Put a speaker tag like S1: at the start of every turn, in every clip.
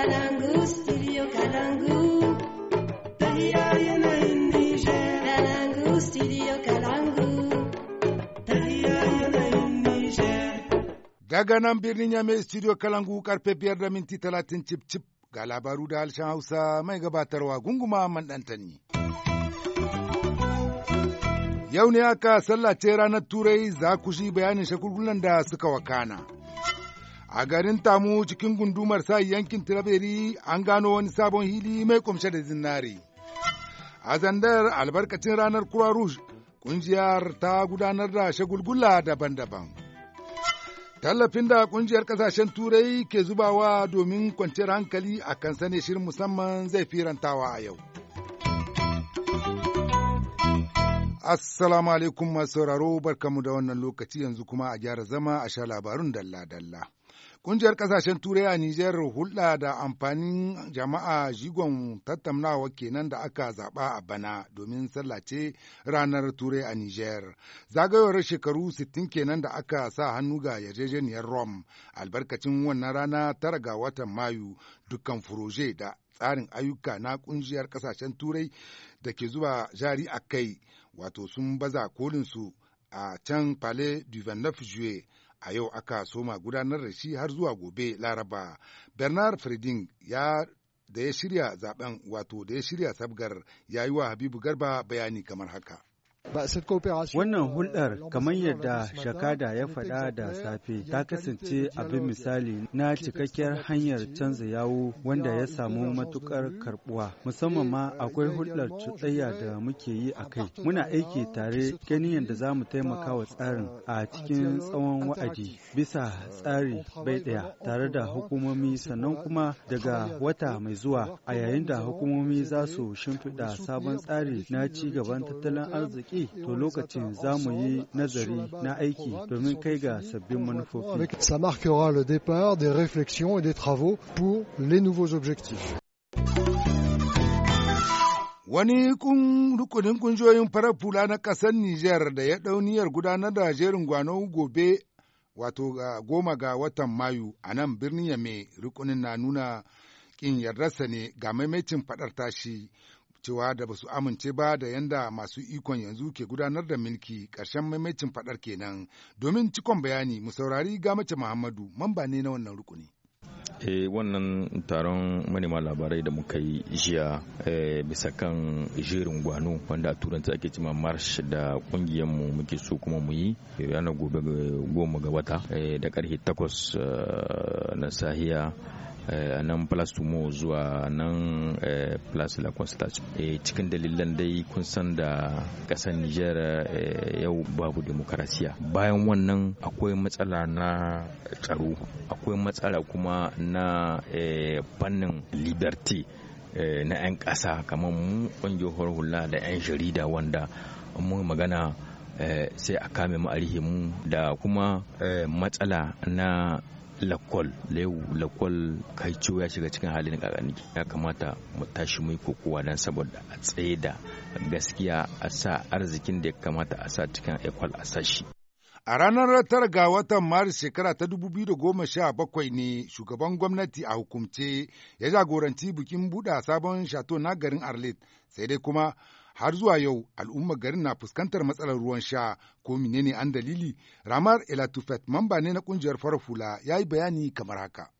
S1: Kalangu,
S2: Daga nan birnin Yame studio Kalangu karfe biyar da minti talatin cip cip ga labaru da alshan Hausa mai gabatarwa gunguma man mandantani. Yau ne aka sallace ranar Turai za ku shi bayanin shagulgulan da suka wakana. a garin tamu cikin gundumar sa yankin tiraberi an gano wani sabon hili mai kumshe da zinare a zandar albarkacin ranar croix rouge kungiyar ta gudanar da shagulgula daban-daban tallafin da kungiyar kasashen turai ke zubawa domin kwanciyar hankali a kan sane shirin musamman zai firantawa a yau assalamu alaikum masu sauraro barkamu da wannan lokaci yanzu kuma a gyara zama a sha labarun dalla-dalla Ƙungiyar ƙasashen Turai a Nijar hulɗa da amfanin jama'a jigon tattaunawa kenan da aka zaɓa a bana domin sallace ranar Turai a Nijar. Zagayowar shekaru 60 kenan da aka sa hannu ga yarjejeniyar Rome albarkacin wannan rana tara ga watan Mayu dukkan furoje da tsarin ayyuka na ƙungiyar ƙasashen Turai da ke zuba jari a kai wato sun baza kolinsu a can Palais du 29 Juillet a yau aka soma gudanar da shi har zuwa gobe laraba bernard freding ya da ya shirya zaben wato da ya shirya sabgar ya yi habibu garba bayani kamar haka
S1: Wannan hulɗar kamar yadda Shakada ya faɗa da safe ta kasance abin misali na cikakkiyar hanyar canza yawo wanda ya samu matukar karbuwa musamman ma akwai hulɗar cuɗayya da muke yi a kai. Muna aiki tare ganin yadda za mu taimaka wa uh, tsarin a cikin tsawon wa'adi bisa uh, tsari bai ɗaya tare da hukumomi sannan kuma daga wata mai zuwa a yayin da hukumomi za su shimfiɗa sabon tsari na ci gaban tattalin arziki yaƙi to lokacin za mu yi nazari na aiki domin kai ga sabbin manufofi. Ça marquera le départ des réflexions et des travaux pour les nouveaux objectifs.
S2: Wani kun rukunin kungiyoyin farar fula na ƙasar Nijar da ya ɗau gudanar da jerin gwano gobe wato goma ga watan Mayu a nan birnin mai rukunin na nuna ƙin yardarsa ne ga maimacin faɗar tashi cewa da ba su amince ba da yanda masu ikon yanzu ke gudanar da milki karshen maimacin faɗar kenan domin cikon bayani mu saurari mace muhammadu mamba ne na wannan rukuni.
S3: e wannan taron manema labarai da muka yi jiya eh, bisa kan jerin gwano wanda a turanta ake cima marsh da mu muke so kuma mu yi eh, ranar gobe goma ga wata da karfe takwas na sahiya Eh, a nan place tumo zuwa nan eh, place la eh, cikin dalilan dai kun san da kasar niger yau babu demokarasiya bayan wannan akwai matsala na tsaro akwai matsala kuma na fannin liberty na 'yan ƙasa kamar mu ƙungiyar hula da 'yan jarida wanda mun magana sai a kame mu a mu da kuma matsala na lakwal lewu lakwal kai ya shiga cikin halin kakani ya kamata mu tashi mai kokowa dan saboda a tsaye da gaskiya a sa arzikin da ya kamata a sa cikin ekwal a sa shi
S2: A ranar tara ga watan Maris shekara ta 2017 ne shugaban gwamnati a hukumce ya jagoranci bikin buɗa sabon shato na garin Arlet, sai dai kuma har zuwa yau al'ummar garin na fuskantar matsalar ruwan sha ko menene an dalili ramar elatufet mamba ne na kungiyar farafula ya yi bayani kamar haka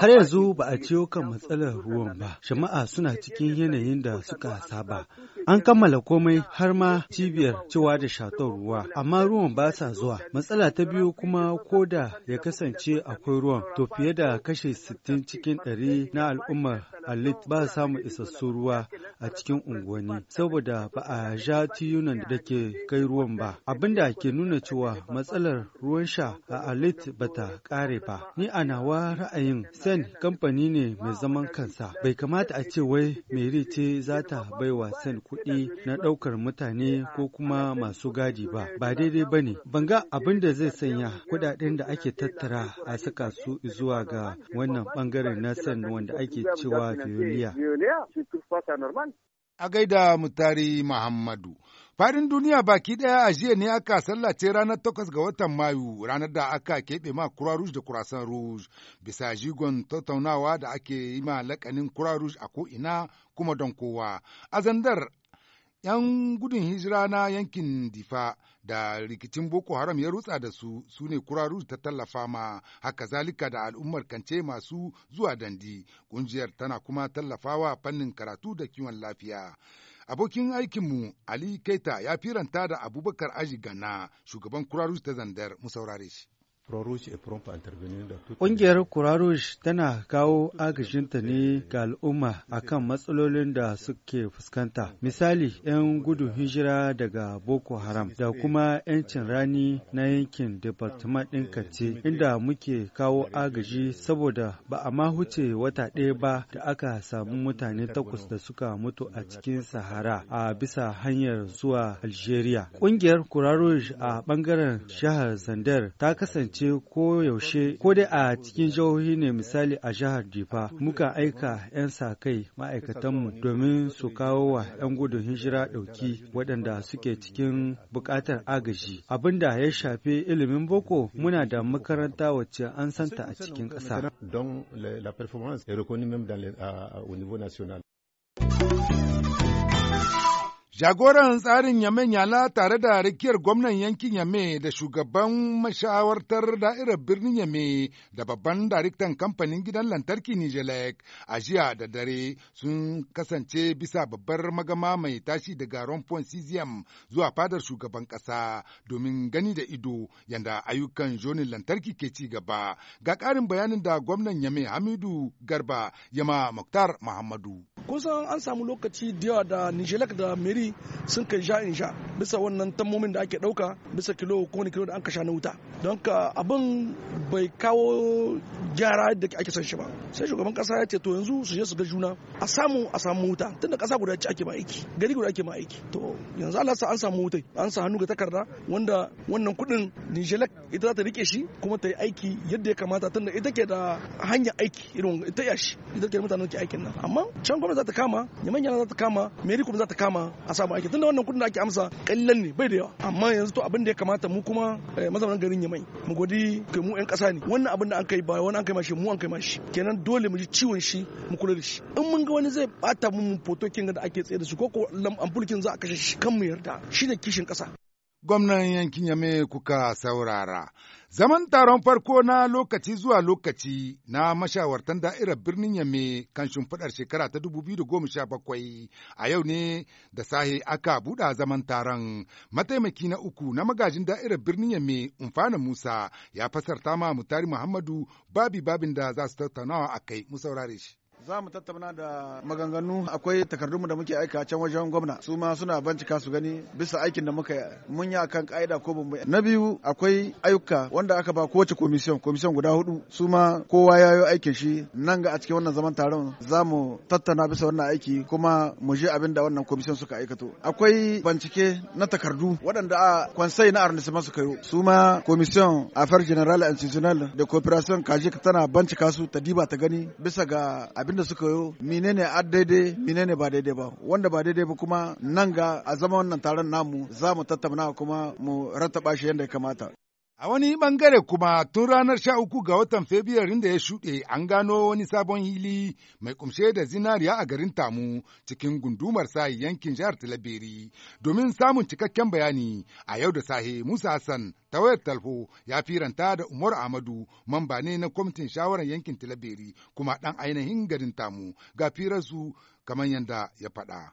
S1: Har yanzu ba a ciyo kan matsalar ruwan ba, jama'a suna cikin yanayin da suka saba. An kammala komai har ma cibiyar cewa da shatar ruwa, amma ruwan ba sa zuwa. Matsala ta biyu kuma ko da ya kasance akwai ruwan, to fiye da kashe sittin cikin 100 na al'ummar Alit ba samun isassun ruwa a cikin unguwanni, saboda ba a ja tiyunan da ke kai ruwan ba. Abin da ke nuna cewa matsalar ruwan sha a Alit ba ta ƙare ba. Ni a nawa ra'ayin Sen kamfani ne mai zaman kansa. Bai kamata a ce wai Meri ce za ta baiwa Sen kuɗi na ɗaukar mutane ko kuma masu gadi ba. Ba daidai ba ne. Ban ga abin da zai sanya kuɗaɗen da ake tattara a saka su zuwa ga wannan ɓangaren na Sen wanda ake cewa Violiya.
S2: A gaida Mutari Muhammadu. Fadin duniya baki ɗaya a jiya ne aka sallace ranar takwas ga watan Mayu, ranar da aka keɓe ma Kura Rouge da Kurasan Rouge, bisa jigon tattaunawa da ake yi ma lakanin Kura Rouge a ko'ina kuma don kowa. A zandar, ‘yan gudun hijira na yankin Difa da rikicin Boko Haram ya rutsa da su, su ne Kura Rouge ta tallafa ma, haka zalika da al'ummar kance masu zuwa dandi. Ƙungiyar tana kuma tallafawa fannin karatu da kiwon lafiya. Abokin aikinmu Ali Keita ya firanta da Abubakar Aji Gana, shugaban Kurarus ta Zandar, mu saurare shi. Eh,
S1: Ƙungiyar Kurarush tana kawo agajinta ne ga al'umma a kan matsalolin da suke fuskanta. Misali, 'yan gudun hijira daga Boko Haram da kuma 'yancin rani na yankin Departement ɗin kati inda muke kawo agaji saboda ba a ma huce wata ɗaya ba da aka samu mutane takwas da suka mutu a cikin Sahara a bisa hanyar zuwa Algeria. Ƙungiyar Kurarush a ɓangaren shahar Zandar ta kasance kasance ko yaushe ko dai a cikin jihohi ne misali a jihar Difa muka aika 'yan sa kai ma'aikatanmu domin su kawo wa 'yan gudun hijira ɗauki waɗanda suke cikin buƙatar agaji. Abin da ya shafi ilimin boko muna da makaranta wacce an santa a cikin ƙasa.
S3: Don la performance est reconnue même dans national.
S2: Jagoran tsarin Yamen Yala tare da rikiyar gwamnan yankin Yame da shugaban mashawartar da'irar birnin Yame da babban daraktan kamfanin gidan lantarki Nijelek a jiya da dare sun kasance bisa babbar magama mai tashi daga Rompon Cesium zuwa fadar shugaban ƙasa domin gani da ido yanda ayyukan jonin lantarki ke ci gaba. Ga ƙarin bayanin da gwamnan Yame Hamidu Garba Yama Muktar Muhammadu. Kusan an samu lokaci da yawa da Nijelek da Meri iri sun kai sha in sha bisa wannan tammomin da ake ɗauka bisa kilo ko wani kilo da an kasha na wuta don ka abin bai kawo gyara da ake son shi ba sai shugaban kasa ya ce to yanzu su je su ga juna a samu a samu wuta tunda kasa guda ce ake ma aiki gari guda ake ma aiki to yanzu Allah sa an samu wuta an sa hannu ga takarda
S3: wanda wannan kuɗin Nijelek ita za ta rike shi kuma ta yi aiki yadda ya kamata tunda ita ke da hanyar aiki irin ita yashi ita ke da mutanen ke aikin nan amma can gwamnati za ta kama
S2: Yamanya za ta kama Meri kuma za ta kama a samu aiki tunda wannan kudin da ake amsa kallan ne bai da yawa amma yanzu to abin da ya kamata mu kuma eh, mazaunan garin ya mai mu godi kai mu yan kasa ne wannan abin da an kai ba wani an kai mashi mu an kai mashi kenan dole mu ji ciwon shi mu kula da shi in mun ga wani zai bata mu fotokin da ake tsaye da su ko ko ampulkin za a kashe shi kan mu yarda shi ne kishin kasa gwamnan yankin Yame kuka saurara. Zaman taron farko na lokaci zuwa lokaci na mashawartan da'irar birnin Yame kan shimfiɗar shekara ta 2017 a yau ne da sahe aka buɗa zaman taron. Mataimaki na uku na magajin da'irar birnin Yame Umfana Musa ya fasarta ma Mutari Muhammadu babi babin da za su tattaunawa a kai mu saurare shi.
S3: za mu tattauna da maganganu
S2: akwai takardunmu da muke aika can wajen gwamna su ma suna bincika su gani bisa aikin da muka mun yi akan ka'ida ko bamu na biyu akwai ayyuka wanda aka ba kowace komisiyon komisiyon guda hudu su ma kowa ya yi aikin shi nan ga a cikin wannan zaman taron za mu tattauna bisa wannan aiki kuma mu je abin da wannan komisiyon suka aikato akwai bincike na takardu waɗanda a kwansai na arnisima suka yi su ma komisiyon affaires general institutionnel de cooperation kaji tana bincika su ta diba ta gani bisa ga abin abin da suka yi menene a daidai menene ba daidai ba wanda ba daidai ba kuma nan ga a zama wannan taron namu za mu tattauna kuma mu rattaba shi yadda ya kamata A wani ɓangare kuma tun ranar sha uku ga watan Fabrairun da ya shuɗe an gano wani sabon hili mai kumshe da zinariya a garin Tamu cikin gundumar sahi yankin jihar Talabiri. Domin samun cikakken bayani a yau da sahe Musa Hassan ta wayar talho ya firanta da Umar Ahmadu mamba ne na kwamitin shawarar yankin Talabiri kuma ɗan ainihin garin Tamu ga firarsu kamar yadda ya faɗa.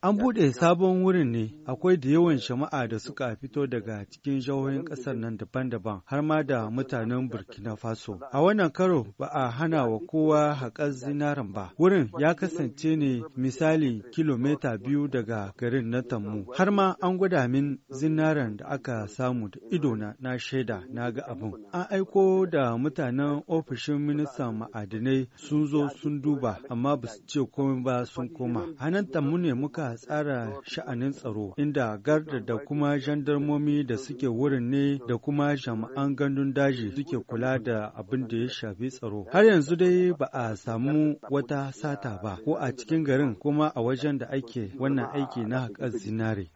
S1: An buɗe sabon wurin ne akwai da yawan shama'a da suka fito daga cikin jihohin ƙasar nan daban-daban har ma da mutanen Burkina Faso. A wannan karo ba a hana wa kowa haƙar zinaren ba. Wurin ya kasance ne misali kilomita biyu daga garin na Tammu. Har ma an gwada min zinaren da aka samu da idona na shaida na ga abin. An aiko da mutanen ofishin ministan ma'adinai sun zo sun duba amma ba su ce komai ba sun koma. Hanan Tammu ne muka A tsara sha'anin tsaro inda garda da kuma jandarmomi da suke wurin ne da kuma jami'an gandun daji suke kula da abin da ya shafi tsaro. Har yanzu dai ba a samu wata sata ba ko a cikin garin kuma a wajen da ake wannan aiki na haƙar zinare.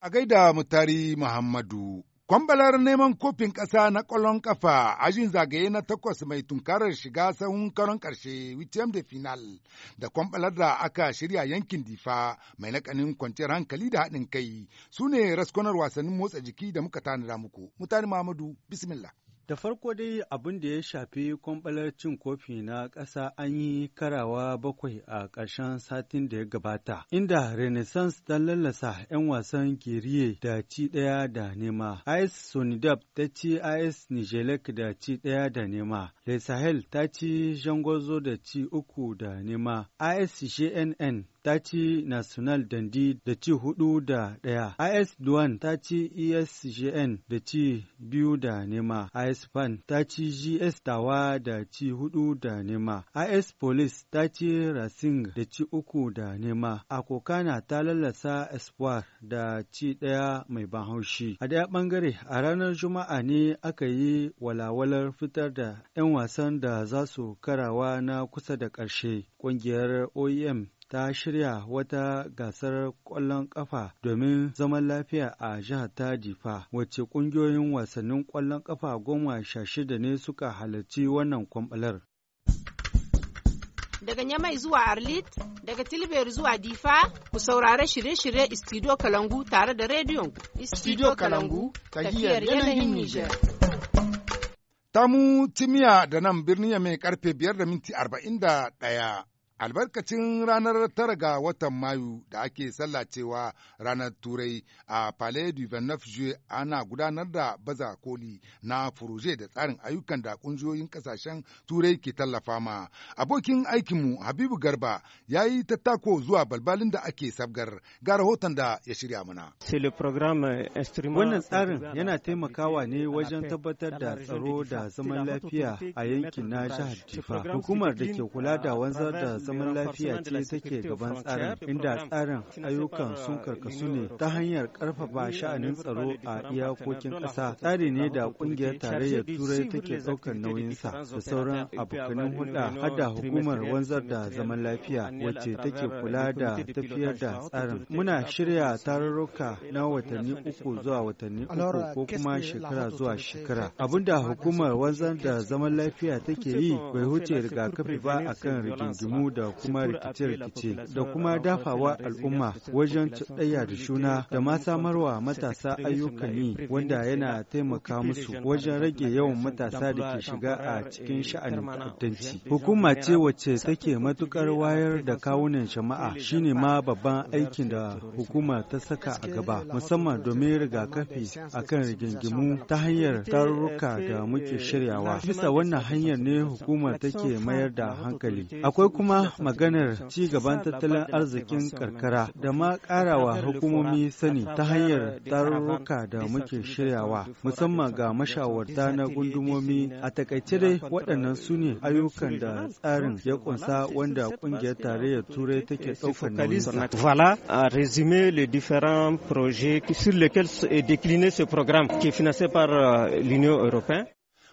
S2: A gaida mutari Muhammadu Kwambalar neman kofin ƙasa na ƙwallon ƙafa ajin zagaye na takwas mai tunkarar shiga sahun karon ƙarshe wtm da final da kwambalar da aka shirya yankin difa mai nakanin kwanciyar hankali da haɗin kai su ne raskunar wasannin motsa jiki da muka tanada muku. Mutane Muhammadu, bismillah.
S1: Da farko dai abin da ya shafi kwamɓalar cin kofi na ƙasa an yi karawa bakwai a ƙarshen satin da ya gabata, inda Renaissance ta lallasa 'yan wasan Giriye da ci ɗaya da nema, AS Sonidab ta ci AS Nijelek da ci ɗaya da nema, Le Sahel ta ci Jangozo da ci uku da nema, AS GNN ta ci National Dandi da ci hudu da ɗaya. IS Duan ta ci ESGN da ci biyu da nema. IS Fan ta ci GS Tawa da ci hudu da nema. IS Police ta ci Racing da ci uku da nema. kokana ta lalasa Espoir da ci ɗaya mai ban haushi. A ɗaya ɓangare a ranar Juma'a ne aka yi walawalar fitar da 'yan wasan da za su karawa na kusa da ƙarshe. Ƙungiyar OEM ta shirya wata gasar ƙwallon ƙafa domin zaman lafiya a jihar ta Difa, wacce ƙungiyoyin wasannin ƙwallon ƙafa goma sha shida ne suka halarci wannan kwamɓalar.
S3: daga Nyamai zuwa Arlit, daga Tilber zuwa Difa, ku saurare shirye-shirye Istidio Kalangu tare da rediyon Istidio Kalangu, tafiyar yanayin Nijar.
S2: Tamu Timiya da nan birni mai karfe biyar da minti arba'in da ɗaya. albarkacin ranar tara ga watan mayu da ake sallacewa ranar turai a palais du venef ana gudanar da baza koli na furuje da tsarin ayyukan da kungiyoyin kasashen turai ke tallafa ma abokin aikinmu habibu garba ya yi tattako zuwa balbalin da ake sabgar ga rahoton da ya shirya mana
S1: wannan tsarin yana taimakawa ne wajen tabbatar da tsaro da zaman lafiya a yankin na jihar jifa hukumar da ke kula da wanzar da zaman lafiya ce take gaban tsarin inda tsarin ayyukan sun karkasu ne ta hanyar karfafa sha'anin tsaro a iyakokin ƙasa tsari ne da ƙungiyar tarayyar turai take ɗaukar nauyinsa da sauran abokanin hulɗa har da hukumar wanzar da zaman lafiya wacce take kula da tafiyar da tsarin muna shirya tarurruka na watanni uku zuwa watanni uku ko kuma shekara zuwa shekara abinda hukumar wanzar da zaman lafiya take yi bai huce rigakafi ba akan rigingimu da da kuma rikice-rikice da kuma dafawa al'umma wajen tsaya da shuna da ma samarwa matasa ayyukan yi wanda yana taimaka musu wajen rage yawan matasa da ke shiga a cikin sha'anin kudanci. Hukuma ce wacce take matukar wayar da kawunan jama'a shine ma babban aikin da hukuma ta saka a gaba musamman domin rigakafi akan rigingimu ta hanyar tarurruka da muke shiryawa. Bisa wannan hanyar ne hukumar take mayar da hankali. Akwai kuma maganar ci gaban tattalin arzikin karkara da ma karawa hukumomi sani ta hanyar tarurruka da muke shiryawa musamman ga mashawarta na gundumomi a takaice dai waɗannan su ne ayyukan da tsarin ya kunsa wanda ƙungiyar tarayyar turai take ɗaukar Voilà, les projets sur décliné ce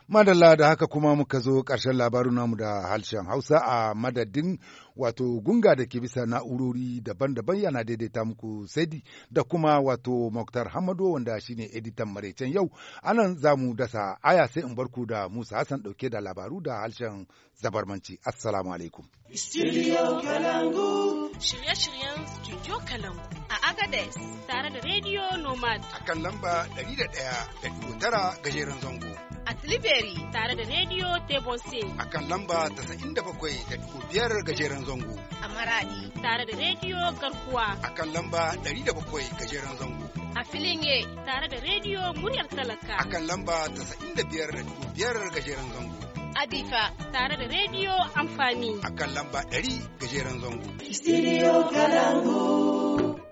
S2: Madalla da haka kuma muka zo ƙarshen labaru namu da harshen Hausa a madadin wato gunga da ke bisa na'urori daban-daban yana daidaita muku saidi da kuma wato Moktar Hamado wanda shine editan maraicen yau. Anan za mu dasa aya sai in barku da Musa Hassan ɗauke da labaru da harshen zabarmanci. Assalamu alaikum.
S3: Studio Kalangu. Shirye-shiryen Studio Kalangu a Agadez, tare da Radio Nomad. A kan
S2: lamba 101.9 gajeren zango.
S3: A Tilibiri tare da Radio Tebose.
S2: A kan lamba 97.5 gajeren zango.
S3: A Maradi tare da Radio Garkuwa.
S2: A kan lamba 107 gajeren zango.
S3: A Filinge tare da Radio Muryar Talaka. A kan
S2: lamba 95.5 gajeren zango.
S3: a tare da Radio amfani. A
S2: kan lamba 100
S1: gajeren zango.
S3: Studio Kalangu.